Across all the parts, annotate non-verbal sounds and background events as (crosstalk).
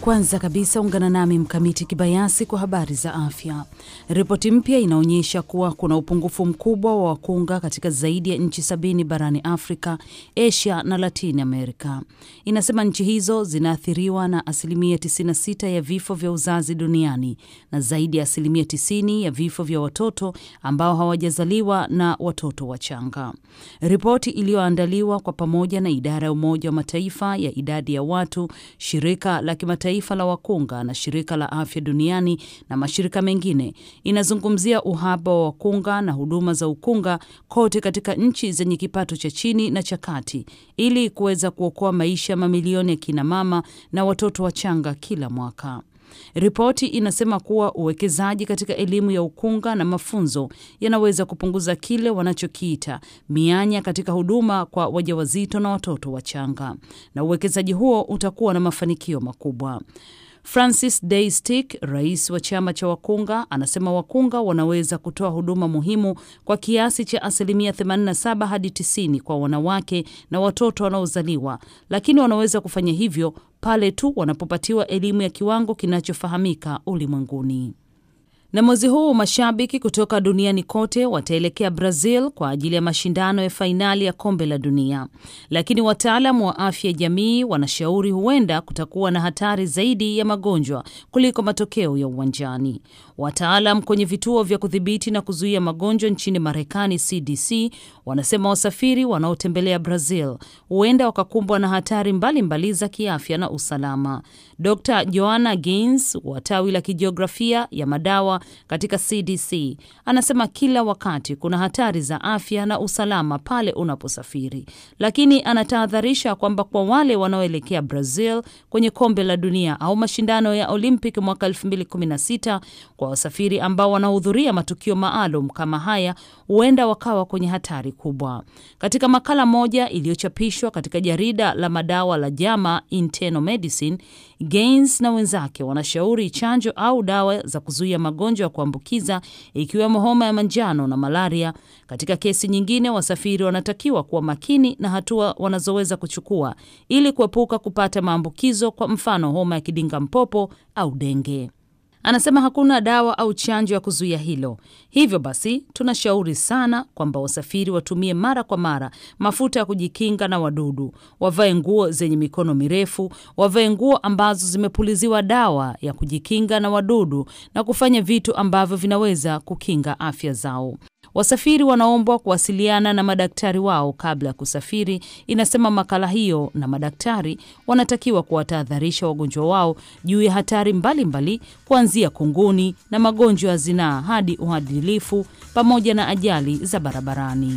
Kwanza kabisa ungana nami Mkamiti Kibayasi kwa habari za afya. Ripoti mpya inaonyesha kuwa kuna upungufu mkubwa wa wakunga katika zaidi ya nchi sabini barani Afrika, Asia na Latin Amerika. Inasema nchi hizo zinaathiriwa na asilimia 96 ya vifo vya uzazi duniani na zaidi ya asilimia 90 ya vifo vya watoto ambao hawajazaliwa na watoto wachanga. Ripoti iliyoandaliwa kwa pamoja na idara ya Umoja wa Mataifa ya idadi ya watu, shirika la kimataifa Taifa la Wakunga na Shirika la Afya Duniani na mashirika mengine inazungumzia uhaba wa wakunga na huduma za ukunga kote katika nchi zenye kipato cha chini na cha kati ili kuweza kuokoa maisha mamilioni ya kinamama na watoto wachanga kila mwaka. Ripoti inasema kuwa uwekezaji katika elimu ya ukunga na mafunzo yanaweza kupunguza kile wanachokiita mianya katika huduma kwa wajawazito na watoto wachanga, na uwekezaji huo utakuwa na mafanikio makubwa. Francis Daystick, rais wa chama cha wakunga, anasema wakunga wanaweza kutoa huduma muhimu kwa kiasi cha asilimia 87 hadi 90 kwa wanawake na watoto wanaozaliwa, lakini wanaweza kufanya hivyo pale tu wanapopatiwa elimu ya kiwango kinachofahamika ulimwenguni. Na mwezi huu mashabiki kutoka duniani kote wataelekea Brazil kwa ajili ya mashindano ya fainali ya kombe la dunia, lakini wataalamu wa afya ya jamii wanashauri huenda kutakuwa na hatari zaidi ya magonjwa kuliko matokeo ya uwanjani. Wataalam kwenye vituo vya kudhibiti na kuzuia magonjwa nchini Marekani, CDC, wanasema wasafiri wanaotembelea Brazil huenda wakakumbwa na hatari mbalimbali mbali za kiafya na usalama. Dr Joanna Gaines wa tawi la kijiografia ya madawa katika CDC anasema kila wakati kuna hatari za afya na usalama pale unaposafiri, lakini anatahadharisha kwamba kwa wale wanaoelekea Brazil kwenye kombe la dunia au mashindano ya Olympic mwaka 2016 kwa wasafiri ambao wanahudhuria matukio maalum kama haya huenda wakawa kwenye hatari kubwa. Katika makala moja iliyochapishwa katika jarida la madawa la JAMA Internal Medicine Gaines na wenzake wanashauri chanjo au dawa za kuzuia magonjwa ya kuambukiza ikiwemo homa ya manjano na malaria. Katika kesi nyingine, wasafiri wanatakiwa kuwa makini na hatua wanazoweza kuchukua ili kuepuka kupata maambukizo, kwa mfano homa ya kidinga mpopo au denge. Anasema hakuna dawa au chanjo ya kuzuia hilo. Hivyo basi, tunashauri sana kwamba wasafiri watumie mara kwa mara mafuta ya kujikinga na wadudu, wavae nguo zenye mikono mirefu, wavae nguo ambazo zimepuliziwa dawa ya kujikinga na wadudu na kufanya vitu ambavyo vinaweza kukinga afya zao. Wasafiri wanaombwa kuwasiliana na madaktari wao kabla ya kusafiri, inasema makala hiyo, na madaktari wanatakiwa kuwatahadharisha wagonjwa wao juu ya hatari mbalimbali, kuanzia kunguni na magonjwa ya zinaa hadi uadilifu pamoja na ajali za barabarani.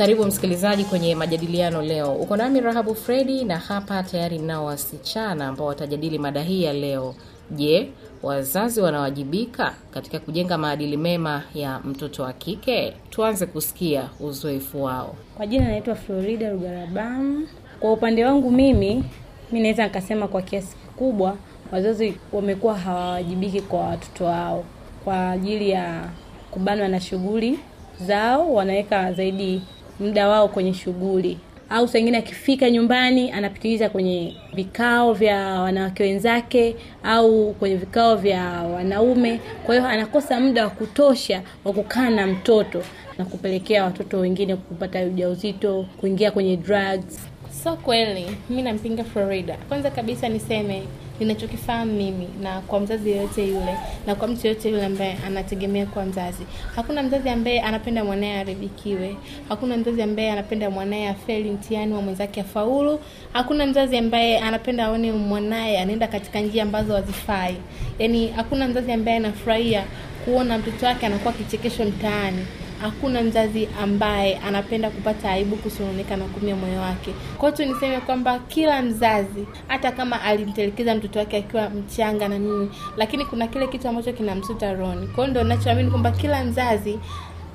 Karibu msikilizaji kwenye majadiliano leo. Uko nami Rahabu Fredi na hapa tayari mnao wasichana ambao watajadili mada hii ya leo. Je, wazazi wanawajibika katika kujenga maadili mema ya mtoto wa kike? Tuanze kusikia uzoefu wao. Kwa jina naitwa Florida Rugarabamu. Kwa upande wangu mimi, mi naweza nikasema kwa kiasi kikubwa wazazi wamekuwa hawawajibiki kwa watoto wao kwa ajili ya kubanwa na shughuli zao, wanaweka zaidi muda wao kwenye shughuli au sengine akifika nyumbani anapitiliza kwenye vikao vya wanawake wenzake au kwenye vikao vya wanaume. Kwa hiyo anakosa muda wa kutosha wa kukaa na mtoto na kupelekea watoto wengine kupata ujauzito, kuingia kwenye drugs. So kweli mi nampinga Florida. Kwanza kabisa niseme ninachokifahamu mimi na kwa mzazi yeyote yule na kwa mtu yeyote yule ambaye anategemea kwa mzazi, hakuna mzazi ambaye anapenda mwanaye aharibikiwe. Hakuna mzazi ambaye anapenda mwanaye afeli mtiani wa mwenzake afaulu. Hakuna mzazi ambaye anapenda aone mwanaye anaenda katika njia ambazo hazifai. Yaani hakuna mzazi ambaye anafurahia kuona mtoto wake anakuwa kichekesho mtaani hakuna mzazi ambaye anapenda kupata aibu, kusononeka na kumia moyo wake. Kwa hiyo tuniseme kwamba kila mzazi, hata kama alimtelekeza mtoto wake akiwa mchanga na nini, lakini kuna kile kitu ambacho kinamsuta ron Kwa hiyo ndio nachoamini kwamba kila mzazi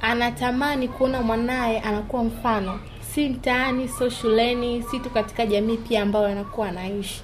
anatamani kuona mwanaye anakuwa mfano si mtaani, sio shuleni, si tu katika jamii pia ambayo wanakuwa wanaishi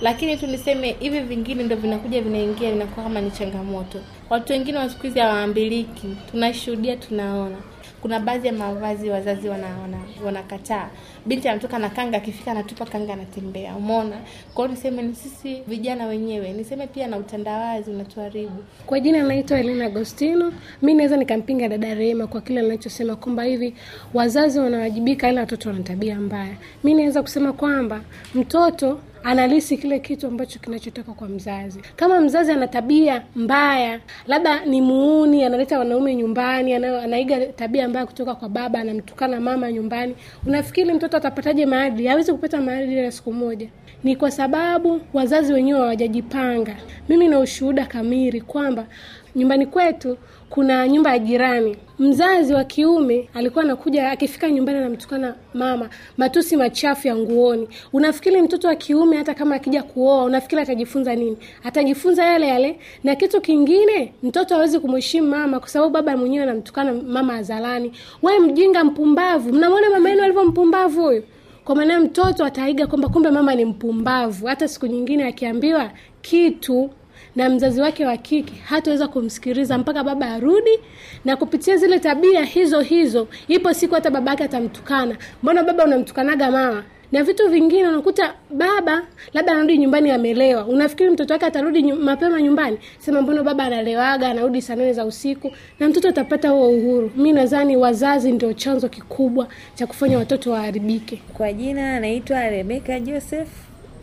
Lakini tu niseme hivi, vingine ndo vinakuja vinaingia, vinakuwa kama ni changamoto. Watu wengine wa siku hizi hawaambiliki, tunashuhudia, tunaona. Kuna baadhi ya mavazi wazazi wanakataa, wana, wana binti anatoka na kanga, akifika anatupa kanga, anatembea. Umeona? kwao niseme ni sisi vijana wenyewe, niseme pia na utandawazi unatuharibu. Kwa jina anaitwa Elena Agostino. Mi naweza nikampinga dada Rehema kwa kile anachosema kwamba hivi wazazi wanawajibika, ila watoto wana tabia mbaya. Mi naweza kusema kwamba mtoto analisi kile kitu ambacho kinachotoka kwa mzazi. Kama mzazi ana tabia mbaya, labda ni muuni, analeta wanaume nyumbani, anaiga tabia mbaya kutoka kwa baba, anamtukana mama nyumbani, unafikiri mtoto atapataje maadili? Hawezi kupata maadili ya siku moja. Ni kwa sababu wazazi wenyewe hawajajipanga. Mimi na ushuhuda kamili kwamba nyumbani kwetu kuna nyumba ya jirani mzazi wa kiume alikuwa anakuja akifika nyumbani anamtukana mama matusi machafu ya nguoni unafikiri mtoto wa kiume hata kama akija kuoa unafikiri atajifunza nini atajifunza yale yale na kitu kingine mtoto hawezi kumheshimu mama kwa sababu baba mwenyewe anamtukana mama azalani we mjinga mpumbavu mnamwona mama yenu alivyo mpumbavu huyu kwa maana mtoto ataiga kwamba kumbe mama ni mpumbavu hata siku nyingine akiambiwa kitu na mzazi wake wa kike hataweza kumsikiliza mpaka baba arudi, na kupitia zile tabia hizo hizo, ipo siku hata baba yake atamtukana, mbona baba unamtukanaga mama na vitu vingine unakuta baba labda anarudi nyumbani amelewa. Unafikiri mtoto wake atarudi nyum, mapema nyumbani? Sema mbona baba analewaga, anarudi saa nane za usiku, na mtoto atapata huo uhuru. Mi nadhani wazazi ndio chanzo kikubwa cha kufanya watoto waharibike. Kwa jina anaitwa Rebeka Joseph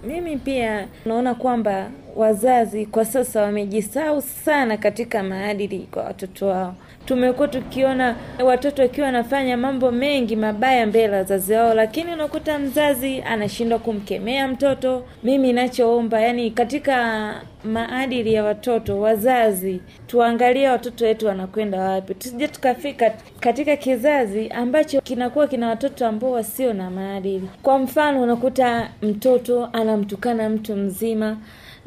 mimi pia naona kwamba wazazi kwa sasa wamejisahau sana katika maadili kwa watoto wao tumekuwa tukiona watoto wakiwa wanafanya mambo mengi mabaya mbele ya wazazi wao, lakini unakuta mzazi anashindwa kumkemea mtoto. Mimi nachoomba yani, katika maadili ya watoto, wazazi tuangalie watoto wetu wanakwenda wapi, tusije tukafika katika kizazi ambacho kinakuwa kina watoto ambao wasio na maadili. Kwa mfano, unakuta mtoto anamtukana mtu mzima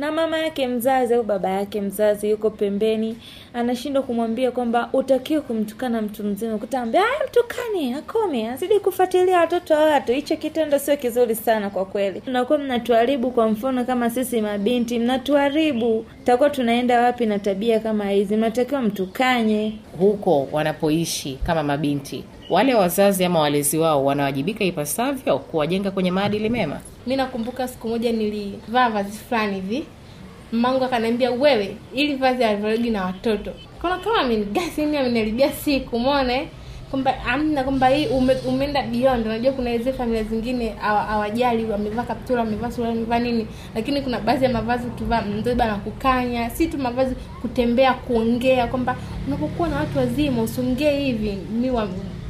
na mama yake mzazi au baba yake mzazi yuko pembeni, anashindwa kumwambia kwamba utakiwe kumtukana mtu mzima, kutaambia aya mtukane, akome, azidi kufuatilia watoto wa watu. Hicho kitendo sio kizuri sana kwa kweli. nakuwa mnatuharibu, kwa mfano kama sisi mabinti, mnatuharibu. Tutakuwa tunaenda wapi na tabia kama hizi? Mnatakiwa mtukanye huko wanapoishi kama mabinti wale wazazi ama walezi wao wanawajibika ipasavyo kuwajenga kwenye maadili mema. Mi nakumbuka siku moja nilivaa vazi fulani hivi, mmangu akaniambia, wewe ili vazi alivyorudi na watoto kona kama ni amenaribia siku mone eh? kwamba amna kwamba hii ume, umeenda beyond. Unajua kuna hizi familia zingine hawajali, wamevaa kaptura, wamevaa sura wamevaa nini, lakini kuna baadhi ya mavazi ukivaa mdoba na kukanya, si tu mavazi, kutembea, kuongea, kwamba unapokuwa na watu wazima usongee hivi mi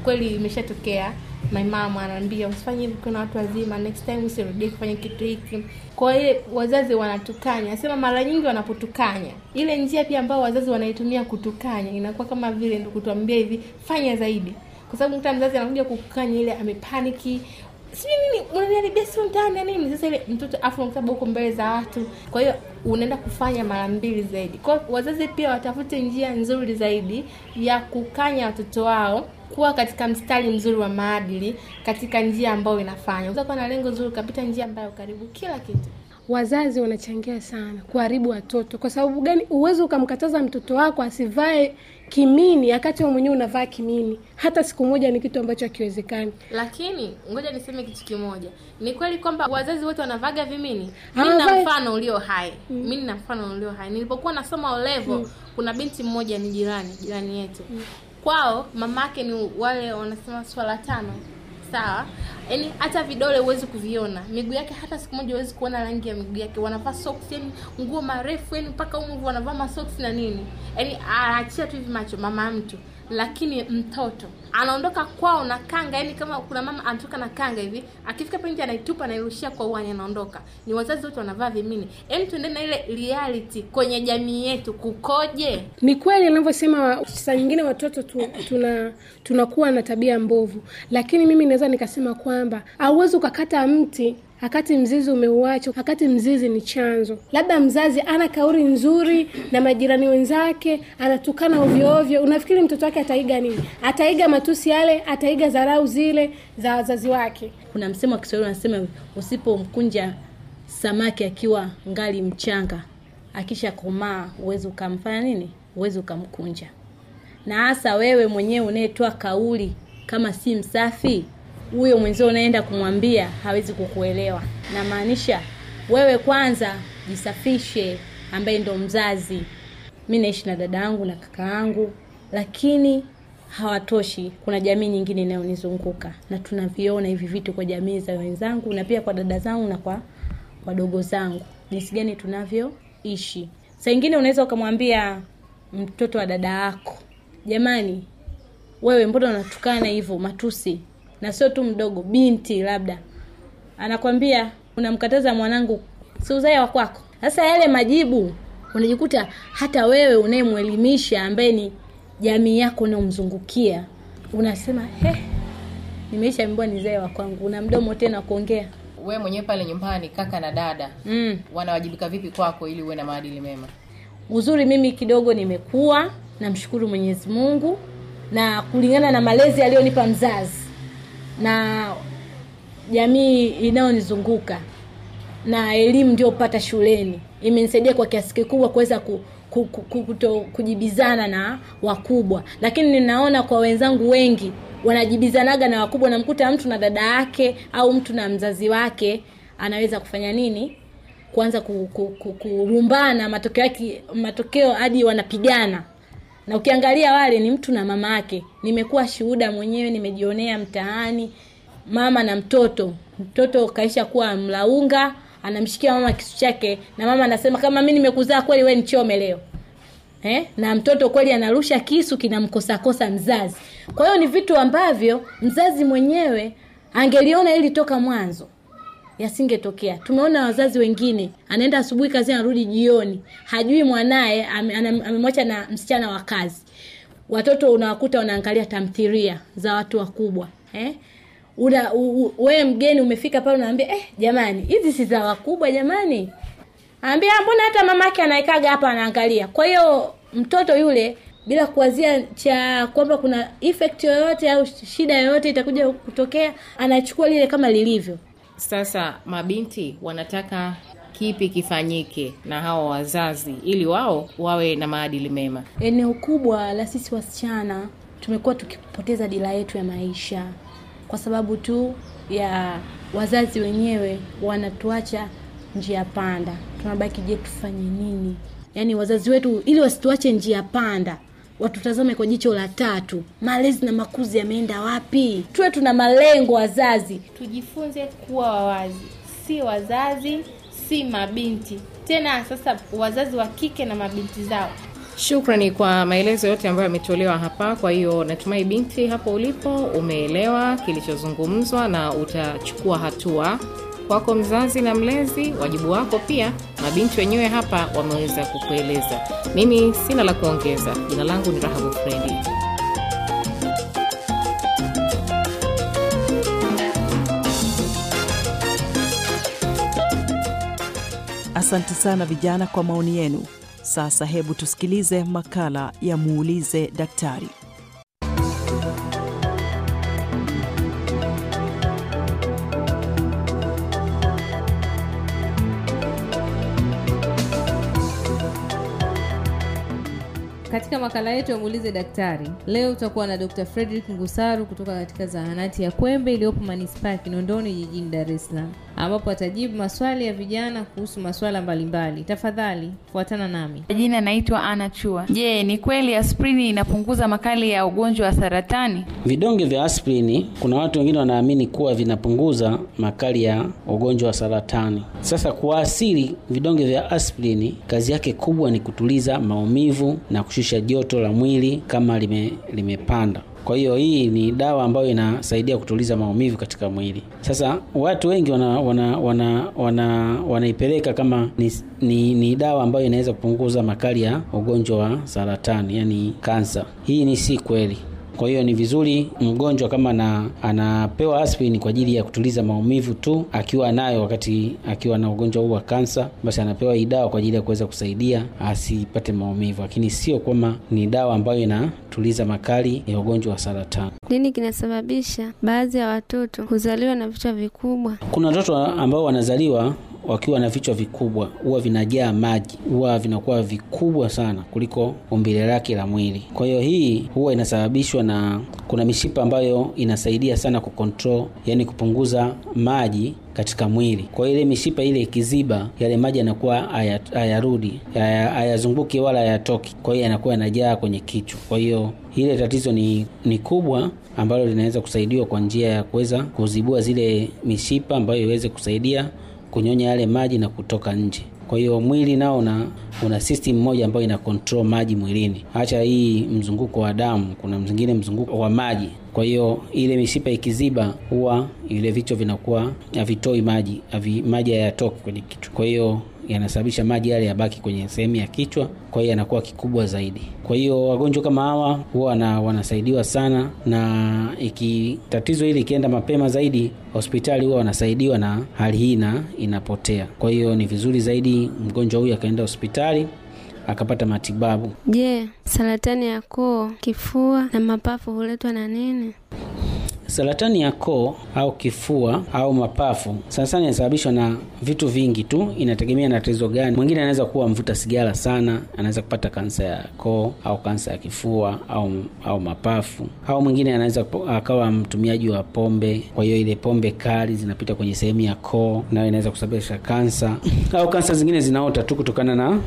kweli imeshatokea. My mom anaambia usifanye hivi, kuna watu wazima, next time usirudie kufanya kitu hiki. Kwa hiyo wazazi wanatukanya, sema mara nyingi wanapotukanya, ile njia pia ambao wazazi wanaitumia kutukanya inakuwa kama vile ndio kutuambia hivi, fanya zaidi, kwa sababu mtu mzazi anakuja kukukanya ile amepaniki sijui nini unaniharibia siku ndani ya nini sasa ile mtoto afu mkaba huko mbele za watu kwa hiyo unaenda kufanya mara mbili zaidi kwa wazazi pia watafute njia nzuri zaidi ya kukanya watoto wao kuwa katika mstari mzuri wa maadili katika njia ambayo inafanya. Unaweza kuwa na lengo zuri ukapita njia ambayo karibu kila kitu. Wazazi wanachangia sana kuharibu watoto. Kwa sababu gani? Uwezi ukamkataza mtoto wako asivae kimini wakati wewe mwenyewe unavaa kimini. Hata siku moja ni kitu ambacho hakiwezekani. Lakini ngoja niseme kitu kimoja, ni kweli kwamba wazazi wote wanavaga vimini. Mimi na mfano ulio hai, mimi mm. na mfano ulio hai. Nilipokuwa nasoma olevo mm. kuna binti mmoja ni jirani jirani yetu mm kwao mamake ni wale wanasema swala tano sawa yani hata vidole huwezi kuviona, miguu yake hata siku moja huwezi kuona rangi ya miguu yake. Wanavaa socks, yani nguo marefu, yani mpaka huko wanavaa masocks na nini, yani aachia tu hivi macho mama mtu lakini mtoto anaondoka kwao na kanga, yani kama kuna mama anatoka na kanga hivi, akifika pindi anaitupa anairushia kwa uani, anaondoka. Ni wazazi wote wanavaa vimini. Hem, yaani, tuendeni na ile reality kwenye jamii yetu kukoje. Ni kweli anavyosema, saa nyingine watoto tu, tuna tunakuwa na tabia mbovu, lakini mimi naweza nikasema kwa kwamba hauwezi ukakata mti akati mzizi umeuacha, akati mzizi ni chanzo. Labda mzazi ana kauli nzuri na majirani wenzake, anatukana ovyoovyo unafikiri mtoto wake ataiga nini? Ataiga matusi yale, ataiga dharau zile za wazazi wake. Kuna msemo wa Kiswahili unasema, usipomkunja samaki akiwa ngali mchanga, akisha komaa uwezi ukamfanya nini, Uwezi ukamkunja. Na hasa wewe mwenyewe unayetoa kauli kama si msafi huyo mwenzio unaenda kumwambia hawezi kukuelewa namaanisha wewe kwanza jisafishe ambaye ndo mzazi mi naishi na dada yangu na kaka yangu lakini hawatoshi kuna jamii nyingine inayonizunguka na tunaviona hivi vitu kwa jamii za wenzangu na pia kwa dada zangu na kwa wadogo zangu jinsi gani tunavyoishi saingine unaweza ukamwambia mtoto wa dada yako jamani wewe mbona unatukana hivyo matusi na sio tu mdogo, binti labda, anakwambia unamkataza mwanangu, si uzae wa kwako. Sasa yale majibu unajikuta hata wewe unayemwelimisha ambaye ni jamii yako unayomzungukia unasema he, nimeishaambiwa nizae wa kwangu, una mdomo tena kuongea we mwenyewe pale nyumbani kaka na dada mm. wanawajibika vipi kwako ili uwe na maadili mema uzuri mimi kidogo nimekuwa namshukuru mwenyezi mungu na kulingana na malezi aliyonipa mzazi na jamii inayonizunguka na elimu ndiopata shuleni imenisaidia kwa kiasi kikubwa kuweza ku, ku, ku, kujibizana na wakubwa, lakini ninaona kwa wenzangu wengi wanajibizanaga na wakubwa, namkuta mtu na dada yake au mtu na mzazi wake anaweza kufanya nini, kuanza kurumbana, matokeo yake matokeo hadi wanapigana na ukiangalia wale ni mtu na mama yake. Nimekuwa shuhuda mwenyewe, nimejionea mtaani, mama na mtoto. Mtoto kaisha kuwa mlaunga, anamshikia mama kisu chake, na mama anasema kama mimi nimekuzaa kweli, we nichome leo eh? Na mtoto kweli anarusha kisu, kinamkosakosa mzazi. Kwa hiyo ni vitu ambavyo mzazi mwenyewe angeliona ili toka mwanzo yasingetokea. Tumeona wazazi wengine, anaenda asubuhi kazi, anarudi jioni, hajui mwanaye amemwacha na msichana wa kazi. Watoto unawakuta wanaangalia tamthilia za watu wakubwa eh? Una wewe mgeni umefika pale, unaambia eh, jamani hizi si za wakubwa jamani, ambia ah, mbona hata mamake anaekaga hapa anaangalia. Kwa hiyo mtoto yule bila kuwazia cha kwamba kuna effect yoyote au shida yoyote itakuja kutokea, anachukua lile kama lilivyo. Sasa mabinti wanataka kipi kifanyike na hawa wazazi ili wao wawe na maadili mema? Eneo kubwa la sisi wasichana tumekuwa tukipoteza dira yetu ya maisha kwa sababu tu ya wazazi wenyewe wanatuacha njia panda. Tunabaki je, tufanye nini? Yaani wazazi wetu ili wasituache njia panda, watutazame kwa jicho la tatu. Malezi na makuzi yameenda wapi? Tuwe tuna malengo wazazi, tujifunze kuwa wawazi, si wazazi si mabinti tena. Sasa wazazi wa kike na mabinti zao. Shukrani kwa maelezo yote ambayo yametolewa hapa. Kwa hiyo natumai binti, hapo ulipo umeelewa kilichozungumzwa na utachukua hatua kwako mzazi na mlezi, wajibu wako pia, mabinti wenyewe hapa wameweza kukueleza. Mimi sina la kuongeza. Jina langu ni Rahabu Fredi. Asante sana vijana kwa maoni yenu. Sasa hebu tusikilize makala ya Muulize Daktari. Katika makala yetu yamuulize daktari, leo utakuwa na Dr. Frederick Ngusaru kutoka katika zahanati ya Kwembe iliyopo manispaa ya Kinondoni jijini Dar es Salaam, ambapo atajibu maswali ya vijana kuhusu maswala mbalimbali. Tafadhali fuatana nami. Jina naitwa Ana Chua. Je, ni kweli asprini inapunguza makali ya ugonjwa wa saratani? Vidonge vya asprini kuna watu wengine wanaamini kuwa vinapunguza makali ya ugonjwa wa saratani. Sasa kwa asili vidonge vya asprini kazi yake kubwa ni kutuliza maumivu na kushusha joto la mwili kama lime, limepanda. Kwa hiyo hii ni dawa ambayo inasaidia kutuliza maumivu katika mwili. Sasa watu wengi wanaipeleka wana, wana, wana, wana kama ni, ni, ni dawa ambayo inaweza kupunguza makali ya ugonjwa wa saratani, yani kansa. Hii ni si kweli. Kwa hiyo ni vizuri mgonjwa kama na, anapewa aspirin kwa ajili ya kutuliza maumivu tu akiwa nayo wakati akiwa na ugonjwa huu wa kansa, basi anapewa hii dawa kwa ajili ya kuweza kusaidia asipate maumivu, lakini sio kwamba ni dawa ambayo inatuliza makali ya ugonjwa wa saratani. Nini kinasababisha baadhi ya watoto kuzaliwa na vichwa vikubwa? Kuna watoto ambao wanazaliwa wakiwa na vichwa vikubwa huwa vinajaa maji, huwa vinakuwa vikubwa sana kuliko umbile lake la mwili. Kwa hiyo hii huwa inasababishwa na kuna mishipa ambayo inasaidia sana kukontrol, yani kupunguza maji katika mwili. Kwa ile mishipa ile ikiziba, yale maji yanakuwa hayarudi, hayazunguki wala hayatoki, kwa hiyo yanakuwa yanajaa kwenye kichwa. Kwa hiyo ile tatizo ni, ni kubwa ambalo linaweza kusaidiwa kwa njia ya kuweza kuzibua zile mishipa ambayo iweze kusaidia kunyonya yale maji na kutoka nje. Kwa hiyo mwili nao una, una system moja ambayo ina control maji mwilini. Acha hii mzunguko wa damu, kuna mzingine mzunguko wa maji. Kwa hiyo ile mishipa ikiziba, huwa ile vichwa vinakuwa havitoi maji, havi, maji hayatoki kwenye kichwa. Kwa hiyo yanasababisha maji yale yabaki kwenye sehemu ya kichwa, kwa hiyo yanakuwa kikubwa zaidi. Kwa hiyo wagonjwa kama hawa huwa na wanasaidiwa sana, na iki tatizo hili ikienda mapema zaidi hospitali huwa wanasaidiwa na hali hii na inapotea. Kwa hiyo ni vizuri zaidi mgonjwa huyu akaenda hospitali akapata matibabu. Je, yeah, saratani ya koo, kifua na mapafu huletwa na nini? Saratani ya koo au kifua au mapafu sana inasababishwa na vitu vingi tu, inategemea na tatizo gani. Mwingine anaweza kuwa mvuta sigara sana, anaweza kupata kansa ya koo au kansa ya kifua au, au mapafu, au mwingine anaweza akawa mtumiaji wa pombe, kwa hiyo ile pombe kali zinapita kwenye sehemu ya koo, nayo inaweza kusababisha kansa (clears throat) au kansa zingine zinaota tu kutokana na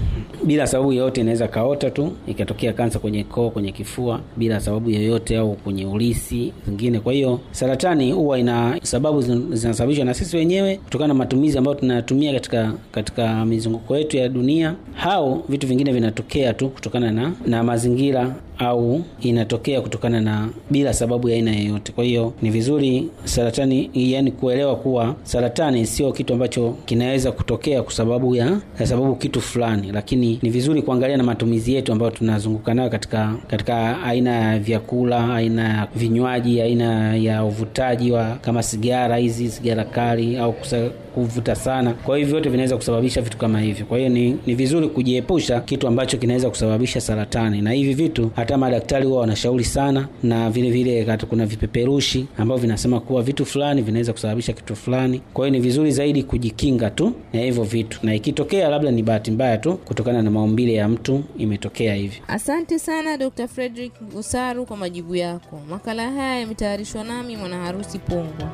bila sababu yoyote, inaweza kaota tu ikatokea kansa kwenye koo, kwenye kifua bila sababu yoyote, au kwenye ulisi zingine, kwa hiyo saratani huwa ina sababu zinasababishwa na sisi wenyewe kutokana na matumizi ambayo tunayatumia katika katika mizunguko yetu ya dunia, au vitu vingine vinatokea tu kutokana na, na mazingira au inatokea kutokana na bila sababu ya aina yoyote. Kwa hiyo ni vizuri saratani, yani kuelewa kuwa saratani sio kitu ambacho kinaweza kutokea kwa sababu ya, ya sababu kitu fulani, lakini ni vizuri kuangalia na matumizi yetu ambayo tunazunguka nayo katika katika aina ya vyakula, aina ya vinywaji, aina ya uvutaji wa kama sigara, hizi sigara kali au kusa, kuvuta sana. Kwa hiyo vyote vinaweza kusababisha vitu kama hivyo. Kwa hiyo ni, ni vizuri kujiepusha kitu ambacho kinaweza kusababisha saratani, na hivi vitu hata madaktari huwa wanashauri sana, na vile vile hata kuna vipeperushi ambavyo vinasema kuwa vitu fulani vinaweza kusababisha kitu fulani. Kwa hiyo ni vizuri zaidi kujikinga tu na hivyo vitu, na ikitokea labda ni bahati mbaya tu kutokana na maumbile ya mtu imetokea hivi. Asante sana Dr. Frederick Usaru kwa majibu yako. Makala haya yametayarishwa nami mwana harusi Pongwa.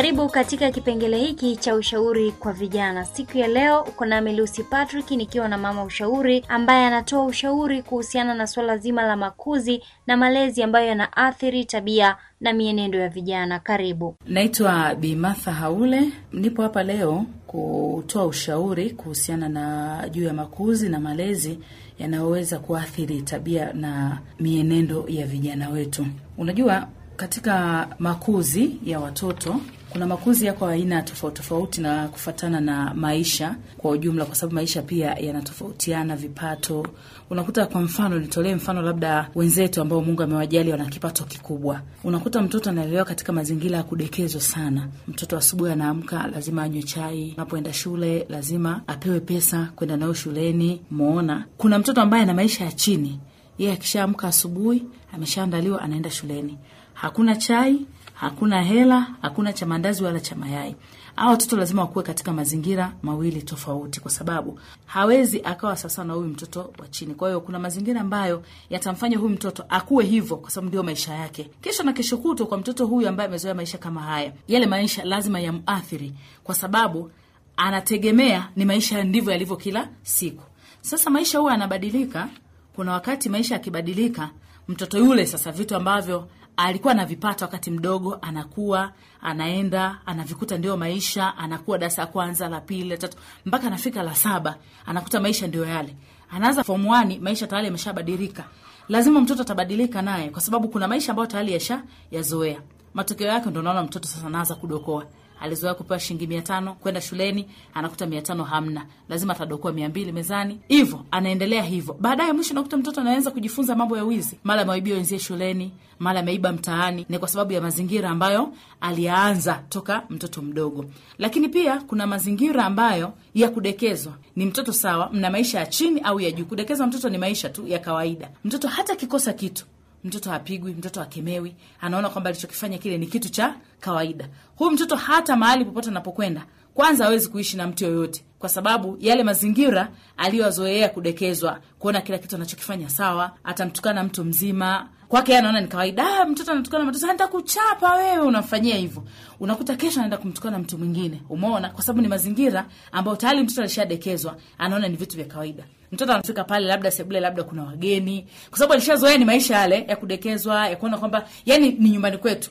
Karibu katika kipengele hiki cha ushauri kwa vijana. Siku ya leo uko nami Lucy Patrick nikiwa na mama ushauri ambaye anatoa ushauri kuhusiana na suala zima la makuzi na malezi ambayo yanaathiri tabia na mienendo ya vijana. Karibu. Naitwa Bi Martha Haule, nipo hapa leo kutoa ushauri kuhusiana na juu ya makuzi na malezi yanayoweza kuathiri tabia na mienendo ya vijana wetu. Unajua, katika makuzi ya watoto kuna makuzi yako aina tofauti tofauti na kufatana na maisha kwa ujumla, kwa sababu maisha pia yanatofautiana, vipato. Unakuta kwa mfano, nitolee mfano labda wenzetu ambao Mungu amewajali wana kipato kikubwa, unakuta mtoto analelewa katika mazingira ya kudekezwa sana. Mtoto asubuhi anaamka, lazima anywe chai, anapoenda shule lazima apewe pesa kwenda nayo shuleni. Mwona, kuna mtoto ambaye ana maisha ya chini, yeye akishaamka asubuhi ameshaandaliwa, anaenda shuleni hakuna chai, hakuna hela, hakuna cha mandazi wala cha mayai. Hawa watoto lazima wakuwe katika mazingira mawili tofauti, kwa sababu hawezi akawa sasa na huyu mtoto wa chini. Kwa hiyo kuna mazingira ambayo yatamfanya huyu mtoto akuwe hivyo, kwa sababu ndio maisha yake. Kesho na kesho kutwa, kwa mtoto huyu ambaye amezoea maisha kama haya, yale maisha lazima yamuathiri, kwa sababu anategemea ni maisha ndivyo yalivyo kila siku. Sasa maisha huwa yanabadilika. Kuna wakati maisha yakibadilika, mtoto yule sasa vitu ambavyo alikuwa anavipata wakati mdogo, anakuwa anaenda anavikuta ndio maisha, anakuwa darasa ya kwanza, la pili, la tatu, mpaka anafika la saba, anakuta maisha ndio yale. Anaanza form 1, maisha tayari yameshabadilika. Lazima mtoto atabadilika naye, kwa sababu kuna maisha ambayo tayari yasha yazoea. Matokeo yake ndo naona mtoto sasa anaanza kudokoa alizoea kupewa shilingi mia tano kwenda shuleni, anakuta mia tano hamna, lazima atadokoa mia mbili mezani, hivo anaendelea hivo Baadaye mwisho nakuta mtoto anaweza kujifunza mambo ya wizi, mara amewaibia wenzie shuleni, mara ameiba mtaani. Ni kwa sababu ya mazingira ambayo aliyaanza toka mtoto mdogo. Lakini pia kuna mazingira ambayo ya kudekezwa. Ni mtoto sawa, mna maisha ya chini au ya juu. Kudekezwa mtoto ni maisha tu ya kawaida. Mtoto hata kikosa kitu, mtoto apigwi mtoto akemewi anaona kwamba alichokifanya kile ni kitu cha kawaida. Huyu mtoto hata mahali popote anapokwenda, kwanza hawezi kuishi na mtu yoyote, kwa sababu yale mazingira aliyozoea kudekezwa, kuona kila kitu anachokifanya sawa, atamtukana mtu mzima kwake anaona ni kawaida. Ah, mtoto anatukana matoto mtoto, kuchapa wewe, unamfanyia hivyo. Unakuta kesho anaenda kumtukana mtu mwingine, umeona? Kwa sababu ni mazingira ambayo tayari mtoto alishadekezwa, anaona ni vitu vya kawaida. Mtoto anafika pale, labda sebule, labda kuna wageni, kwa sababu alishazoea ni maisha yale ya kudekezwa, ya kuona kwamba yani ni nyumbani kwetu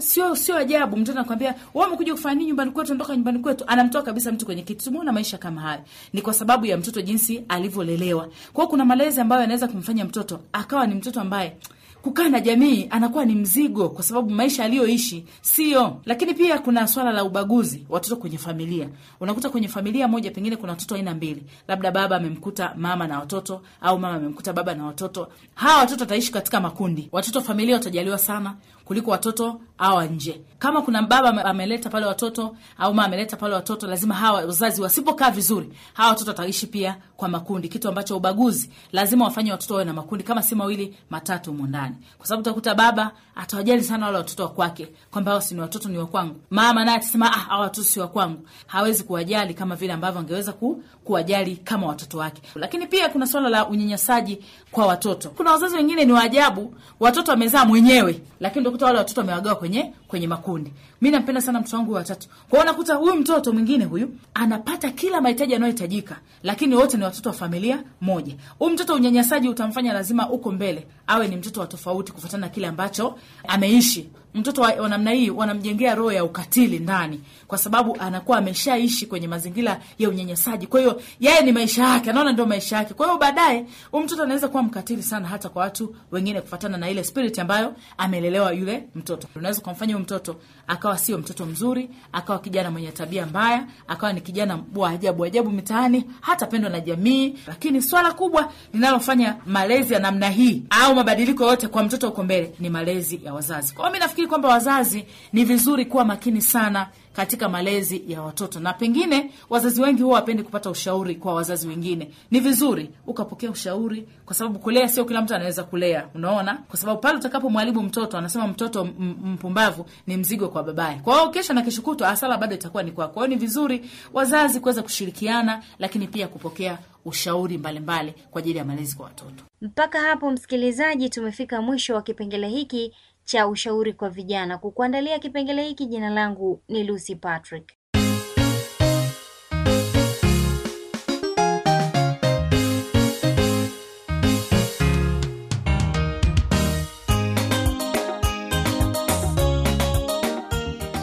sio sio ajabu mtu anakwambia wewe umekuja kufanya nini nyumbani kwetu, natoka nyumbani kwetu, anamtoa kabisa mtu kwenye kitu. Tumeona maisha kama hayo ni kwa sababu ya mtoto jinsi alivyolelewa. Kwa kuna malezi ambayo yanaweza kumfanya mtoto akawa ni mtoto ambaye kukaa na jamii anakuwa ni mzigo, kwa sababu maisha aliyoishi sio. Lakini pia kuna swala la ubaguzi watoto kwenye familia. Unakuta kwenye familia moja pengine kuna watoto aina mbili, labda baba amemkuta mama na watoto au mama amemkuta baba na watoto. Hawa watoto wataishi katika makundi, watoto familia watajaliwa sana kuliko watoto awa nje. Kama kuna baba ameleta pale watoto au mama ameleta pale watoto, lazima hawa wazazi wasipokaa vizuri, hawa watoto wataishi pia kwa makundi, kitu ambacho ubaguzi lazima wafanye watoto wawe na makundi kama si mawili matatu humo ndani, kwa sababu utakuta baba atawajali sana wale watoto wa kwake, kwamba hao si ni watoto, ni wa kwangu. Mama naye atasema ah, hao watoto si wa kwangu, hawezi kuwajali kama vile ambavyo angeweza ku kuwajali kama watoto wake. Lakini pia kuna swala la unyanyasaji kwa watoto. Kuna wazazi wengine ni waajabu, watoto wamezaa mwenyewe, lakini ndokuta wale watoto wamewagawa kwenye kwenye makundi. Mi nampenda sana mtoto wangu wa tatu, kwa hiyo unakuta huyu mtoto mwingine huyu anapata kila mahitaji yanayohitajika, lakini wote ni watoto wa familia moja. Huyu mtoto unyanyasaji utamfanya lazima uko mbele awe ni mtoto wa tofauti kufuatana na kile ambacho ameishi. Mtoto wa namna hii wanamjengea roho ya ukatili ndani kwa sababu anakuwa ameshaishi kwenye mazingira ya unyanyasaji. Kwa hiyo yeye ni maisha yake, anaona ndio maisha yake. Kwa hiyo baadaye huyu mtoto anaweza kuwa mkatili sana hata kwa watu wengine, kufuatana na ile spirit ambayo amelelewa yule mtoto. Unaweza kumfanya huyu mtoto akawa sio mtoto mzuri, akawa kijana mwenye tabia mbaya, akawa ni kijana wa ajabu ajabu mitaani, hata pendwa na jamii. Lakini swala kubwa linalofanya malezi ya namna hii au mabadiliko yote kwa mtoto huko mbele ni malezi ya wazazi. Kwa hiyo mi nafikiri kwamba wazazi ni vizuri kuwa makini sana katika malezi ya watoto, na pengine wazazi wengi huwa wapendi kupata ushauri kwa wazazi wengine. Ni vizuri ukapokea ushauri, kwa sababu kulea sio kila mtu anaweza kulea, unaona, kwa sababu pale utakapomwalibu mtoto, anasema mtoto mpumbavu ni mzigo kwa babaye. Kwa hiyo kesho na kesho kutwa asala bado itakuwa ni kwako. Kwa hiyo ni vizuri wazazi kuweza kushirikiana, lakini pia kupokea ushauri mbalimbali mbali kwa ajili ya malezi kwa watoto. Mpaka hapo, msikilizaji, tumefika mwisho wa kipengele hiki cha ushauri kwa vijana. Kukuandalia kipengele hiki, jina langu ni Lucy Patrick.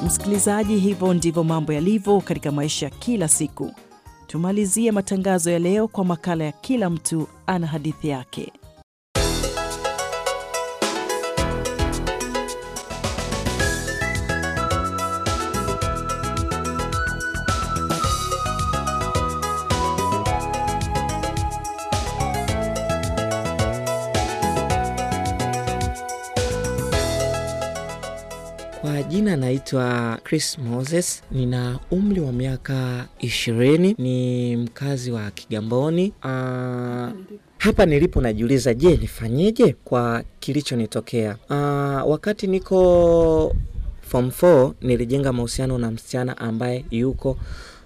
Msikilizaji, hivyo ndivyo mambo yalivyo katika maisha ya kila siku. Tumalizie matangazo ya leo kwa makala ya kila mtu ana hadithi yake. Naitwa Chris Moses, nina umri wa miaka ishirini, ni mkazi wa Kigamboni. Aa, ah, hapa nilipo najiuliza, je, nifanyeje kwa kilichonitokea? Ah, wakati niko form 4 nilijenga mahusiano na msichana ambaye yuko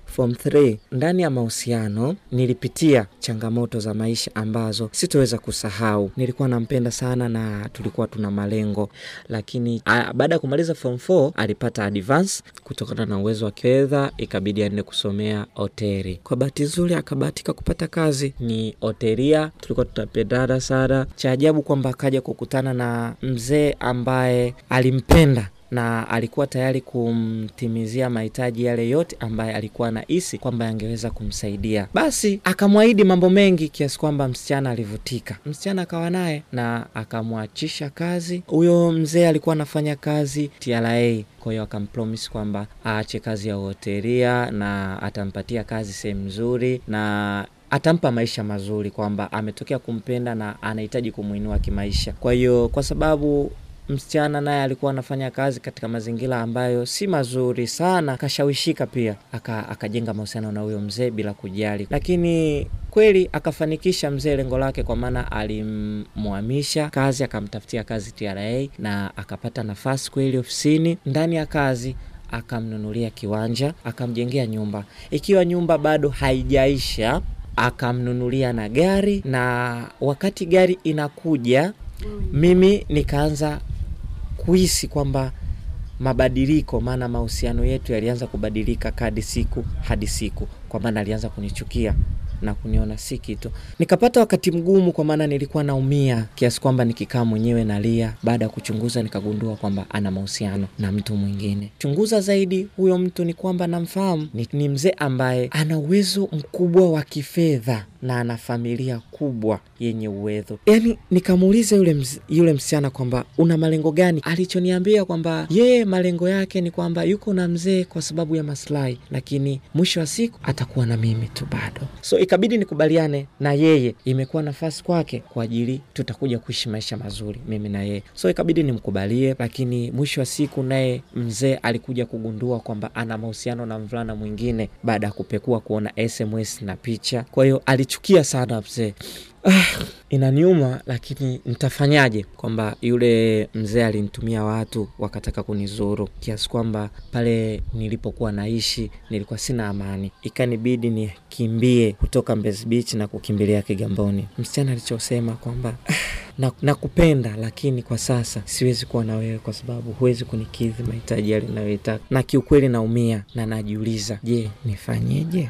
form 3 ndani ya mahusiano nilipitia changamoto za maisha ambazo sitoweza kusahau. Nilikuwa nampenda sana na tulikuwa tuna malengo, lakini baada ya kumaliza form 4 alipata advance kutokana na uwezo wa kifedha, ikabidi aende kusomea hoteli. Kwa bahati nzuri akabahatika kupata kazi, ni hotelia, tulikuwa tutapendana sana. Cha ajabu kwamba akaja kukutana na mzee ambaye alimpenda na alikuwa tayari kumtimizia mahitaji yale yote ambaye alikuwa anahisi kwamba yangeweza kumsaidia. Basi akamwahidi mambo mengi kiasi kwamba msichana alivutika. Msichana akawa naye na akamwachisha kazi. Huyo mzee alikuwa anafanya kazi TRA, kwa hiyo akampromis kwamba aache kazi ya uhoteria na atampatia kazi sehemu nzuri na atampa maisha mazuri, kwamba ametokea kumpenda na anahitaji kumwinua kimaisha. Kwa hiyo kwa sababu msichana naye alikuwa anafanya kazi katika mazingira ambayo si mazuri sana, akashawishika pia aka, akajenga mahusiano na huyo mzee bila kujali, lakini kweli akafanikisha mzee lengo lake, kwa maana alimwamisha kazi akamtafutia kazi TRA na akapata nafasi kweli ofisini. Ndani ya kazi akamnunulia kiwanja akamjengea nyumba, ikiwa nyumba bado haijaisha akamnunulia na gari, na wakati gari inakuja mm. mimi nikaanza kuhisi kwamba mabadiliko, maana mahusiano yetu yalianza kubadilika kadi siku hadi siku, kwa maana alianza kunichukia na kuniona si kitu. Nikapata wakati mgumu, kwa maana nilikuwa naumia kiasi kwamba nikikaa mwenyewe nalia. Baada ya kuchunguza, nikagundua kwamba ana mahusiano na mtu mwingine. Chunguza zaidi, huyo mtu ni kwamba namfahamu, ni, ni mzee ambaye ana uwezo mkubwa wa kifedha na ana familia kubwa yenye uwezo. Yani nikamuuliza yule, ms yule msichana kwamba una malengo gani? Alichoniambia kwamba yeye malengo yake ni kwamba yuko na mzee kwa sababu ya maslahi, lakini mwisho wa siku atakuwa na mimi tu bado. So ikabidi nikubaliane na yeye, imekuwa nafasi kwake kwa ajili tutakuja kuishi maisha mazuri mimi na yeye, so ikabidi nimkubalie, lakini mwisho wa siku naye mzee alikuja kugundua kwamba ana mahusiano na mvulana mwingine baada ya kupekua kuona SMS na picha, kwa hiyo ali naichukia sana mzee. Ah, inaniuma lakini nitafanyaje? Kwamba yule mzee alinitumia watu wakataka kunizuru, kiasi kwamba pale nilipokuwa naishi nilikuwa sina amani, ikanibidi nikimbie kutoka mbezibichi na kukimbilia Kigamboni. Msichana alichosema kwamba ah, na, nakupenda lakini kwa sasa siwezi kuwa na wewe kwa sababu huwezi kunikidhi mahitaji yale ninayoitaka, na kiukweli naumia na najiuliza, je, nifanyeje?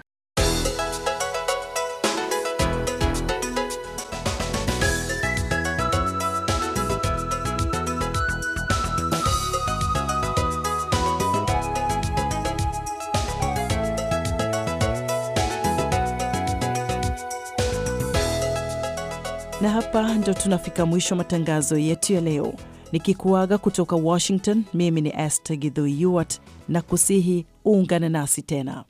Na hapa ndo tunafika mwisho matangazo yetu ya leo, nikikuaga kutoka Washington. Mimi ni Esther Gidhu Yuwat, na kusihi uungane nasi tena.